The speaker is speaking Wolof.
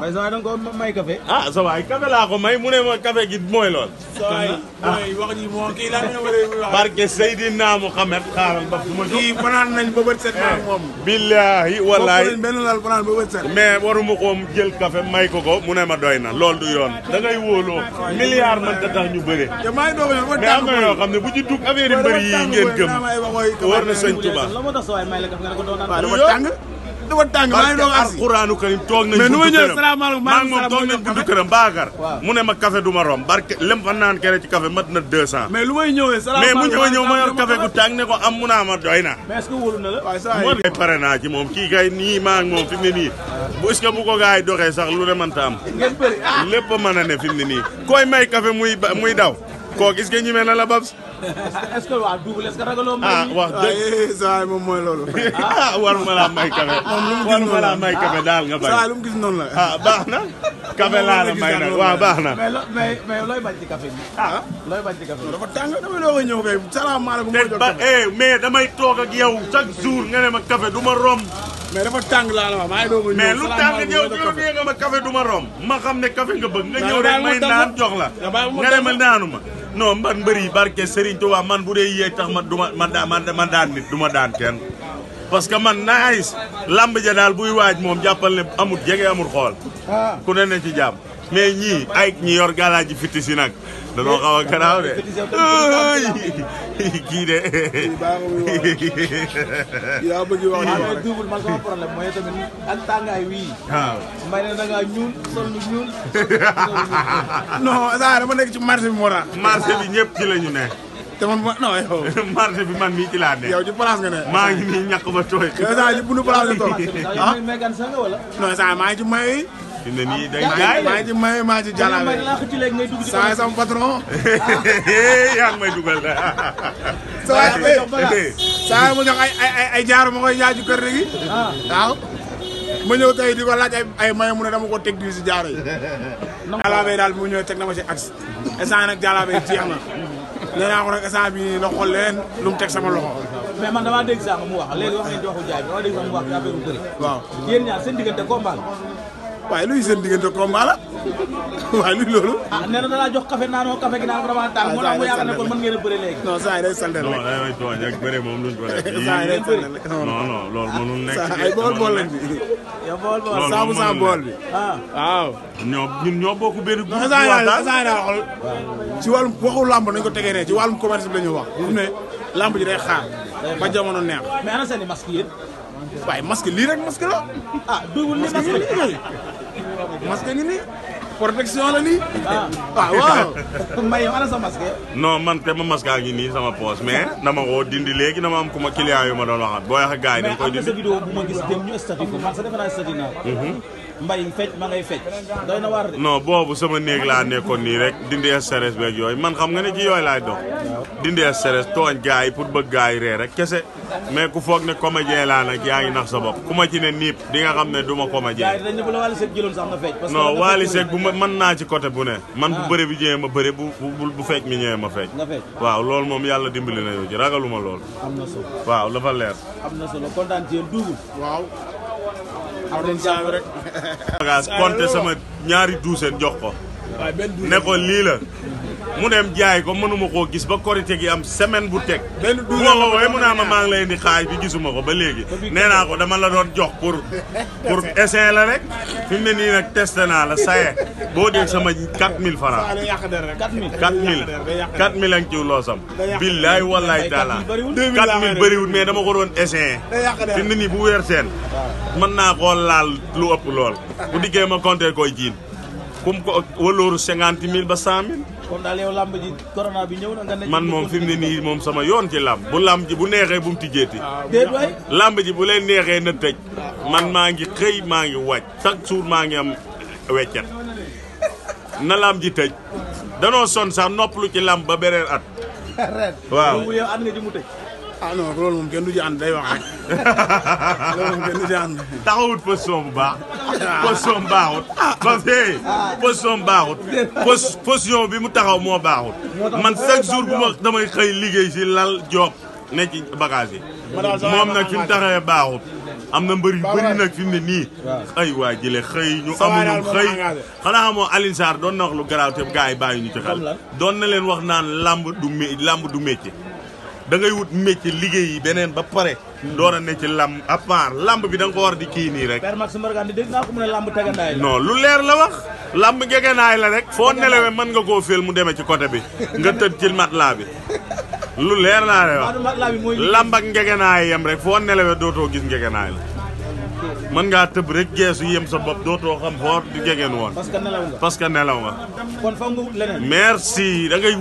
mais saa da nga ko may café. ah sa waay café laa ko may mu ne ma café gi mooy lool. saa waay wax ji moo kii laa ñu war a. barke Seydina Muhammad xaaral ba fu ma jóg. kii banaan nañ ba bët set eh, naa moom. billaahi wallaahi bokk nañ benn laal banaan ba bët set. mais waruma ko jël café may ko ko mu ne ma doy na lool du yoon. da ngay wóoloo milliard man da tax ñu bëre. te maa ngi doog a mais am na yoo xam ne bu ci dugg affaire yu bëri yii ngeen gëm. war na sëñ Tuubaa. waaw dafa tàng. dafa tàng maa mu ne ma café du ma rom barke lem fa naan kere ci mat na deux cent mais lu may ñëwee mais mu ñëw ñëw ma yor café gu tàng ne ko am mu naa ma doy na mais est pare naa ci moom kii kay nii maa ngi moom fi mu ne nii bu est bu ko gars yi doxee sax lu ne mënta am lépp mën a fi mu ne nii may café muy daw koo gis nga ñime na la Babs. est-ce que waa double est-ce que ragaloo may. ah wax dëgg ah, eh, saa yi moom mooy loolu. ah ma laa may kafe. daal nga bari. Ah, saa gis noonu la. ah baax na. kafe laa la baax na. mais mais mais looy bañ ci kafe bi. Ah. ah looy bañ ci kafe bi. dafa tàng damay doog a eh, mais damay toog yow chaque jour ma kafe du ma romb. dafa tàng la ma kafe du ma ma xam ne kafe nga may naan jox nga ne ma ma non man mbër yi barke Serigne Touba man bu dee yéeg ma du ma ma daan nit du ma daan kenn. parce que man naagis lamb ja daal buy waaj moom jàppal ne amul jege amul xool ah. ku ne ci jàmm mais ñii ay ñi yor galaaj ji fitti si nag danoo xaw a garaaw de kii de yaa bëgg wax waaw double man sama lu ñuul non saa dama nekk ci marché bi moo tax marché ñëpp ci la ñu ne te man ma non yow. marché ne. yow maa ngi nii ñàkk ba tooy. yow saa yi bu nu place nga toog ah. maa fi mu maa ngi may maa ngi ci saa yi sama patron. yaa ngi may dugal. saa yi mu jox ay ay ay jaar ma koy jaay ci gi. Ah. waaw. ma ñëw tey di ko ay ay mu ne dama ko teg di jaaro yi. jàllale daal mu ñëw teg na ma ci axe. instant nag jàllale jeex na. nee naa ko nag instant bii na xool leneen lu mu teg sama loxo. mais man damaa dégg sax mu wax léegi wax nañu ci bi wax dëgg sax mu wax ci affaire bu waaye luy seen diggante combat la waaye luy loolu. ah nee na danaa jox café naanoo café gi naan vraiment tàng. Ah, mu ne yaakaar ne kon mën ngeen a bëri léegi. non saa yi day saldel rek non day may tooñ ak bëri moom duñ ko def. saa yi day saldel rek non non loolu mënul nekk. saa ay bool bool lañ fi. yow bool bool saabu saa bool bi. ah waaw. ñoo ñun ñoo bokk benn. bu saa yi daal saa yi daal xool ci wàllum waxu làmb nañ ko tegee ne ci wàllum commerce bi la ñu wax. bu ne làmb ji day xaar. ba jamono neex. mais ana seen i masque yéen waaye masque lii rek la ah duubul ni masque lii masque ngi nii protection la nii. ah, ah waaw. Mbaye yow ana sa masque. non man te ma masque a ngi nii sama poche mais ma ko dindi léegi na am kuma client yu ma doon waxat boo wax ak gars yi dañ koy dindi mais am na sa vidéo ma gis dem sa defe naa statut naa mbay fecc boobu sama néeg laa nekkoon nii rek dindi stress beeg yooyu man xam nga ne ci yooyu laay dox. dindi stress tooñ gars yi pour bëgg gars rek kese. mais ku foog ne comédien laa nag yaa ngi nax sa bopp ku ma ci ne niip di nga xam ne du ma comédien. gars yi dañ bu ma mën naa ci côté bu ne. man bu ah. bëre bi ñëwee ma bëre bu bu bu fecc mi ñëwee ma fecc. nga waaw loolu moom yàlla dimbali na yow ragaluma lool. waaw dafa leer. am nañ jàmm sama ñaari duuseen jox ko. ne ko lii la. mu dem jaay ko mënuma koo gis ba korite i am semaine bu teg bu ma ko mu naa ma maa ngi lay indi xaaj bi gisuma ko ba léegi nee naa ko dama la doon jox pour pour essai la rek fi mu ne nii nag naa la saye boo dee sama quatre mille francs quatre mille quatre mille ak ciw loosam billaay wallaay taala quatre mille bëriwul mais dama ko doon essayé fi mu nii bu weer seen mën naa ko laal lu ëpp lool bu diggee ma compter koy jiin kum ko walooru cinquante mille ba cent mille kon daal yow làmb bi ñëw na man moom fi mu ne nii moom sama yoon ci làmb bu làmb ji bu neexee bu mu tijjeeti. Ah, déet làmb ji bu leen neexee na tëj. man maa ngi xëy maa ngi wàcc chaque jour maa ngi am weccet na làmb ji tëj danoo son sax noppalu ci làmb ba beneen at. waaw ah non loolu moom kenn du ci ànd bu baax. Ah. position baaxut. Ah. parce que position baaxut. position bi mu taxaw moo baaxut. man chaque jour bu ma damay xëy liggéey si lal job ne ci bagage yi. moom nag fi mu taxawee baaxut. am na mbër yu bëri nag fi ne nii. ay waa jële xëy ñu amuñu xëy. xanaa xamoo Alioune Sarr doon na wax lu garaaw te gars yi bàyyi ñu ci xel. doon na leen wax naan lamb du mé du métier. da ngay wut métier liggéey yi beneen ba pare. Hmm. door a ne ci làmb à part bi danga ko war di kii nii rek. Père Max Mbargane dégg naa ko lu leer la wax. làmb ngegenaay la rek. foo nelawee mën nga koo féel mu demee ci côté bi. nga tëdd ci matelas bi. lu leer laa lay wax làmb ak ngegenaay yem rek foo nelawee dootoo gis ngegenaay la. mën ngaa tëb rek geesu yem sa bopp dootoo xam foo di gegeen woon. parce nelaw nga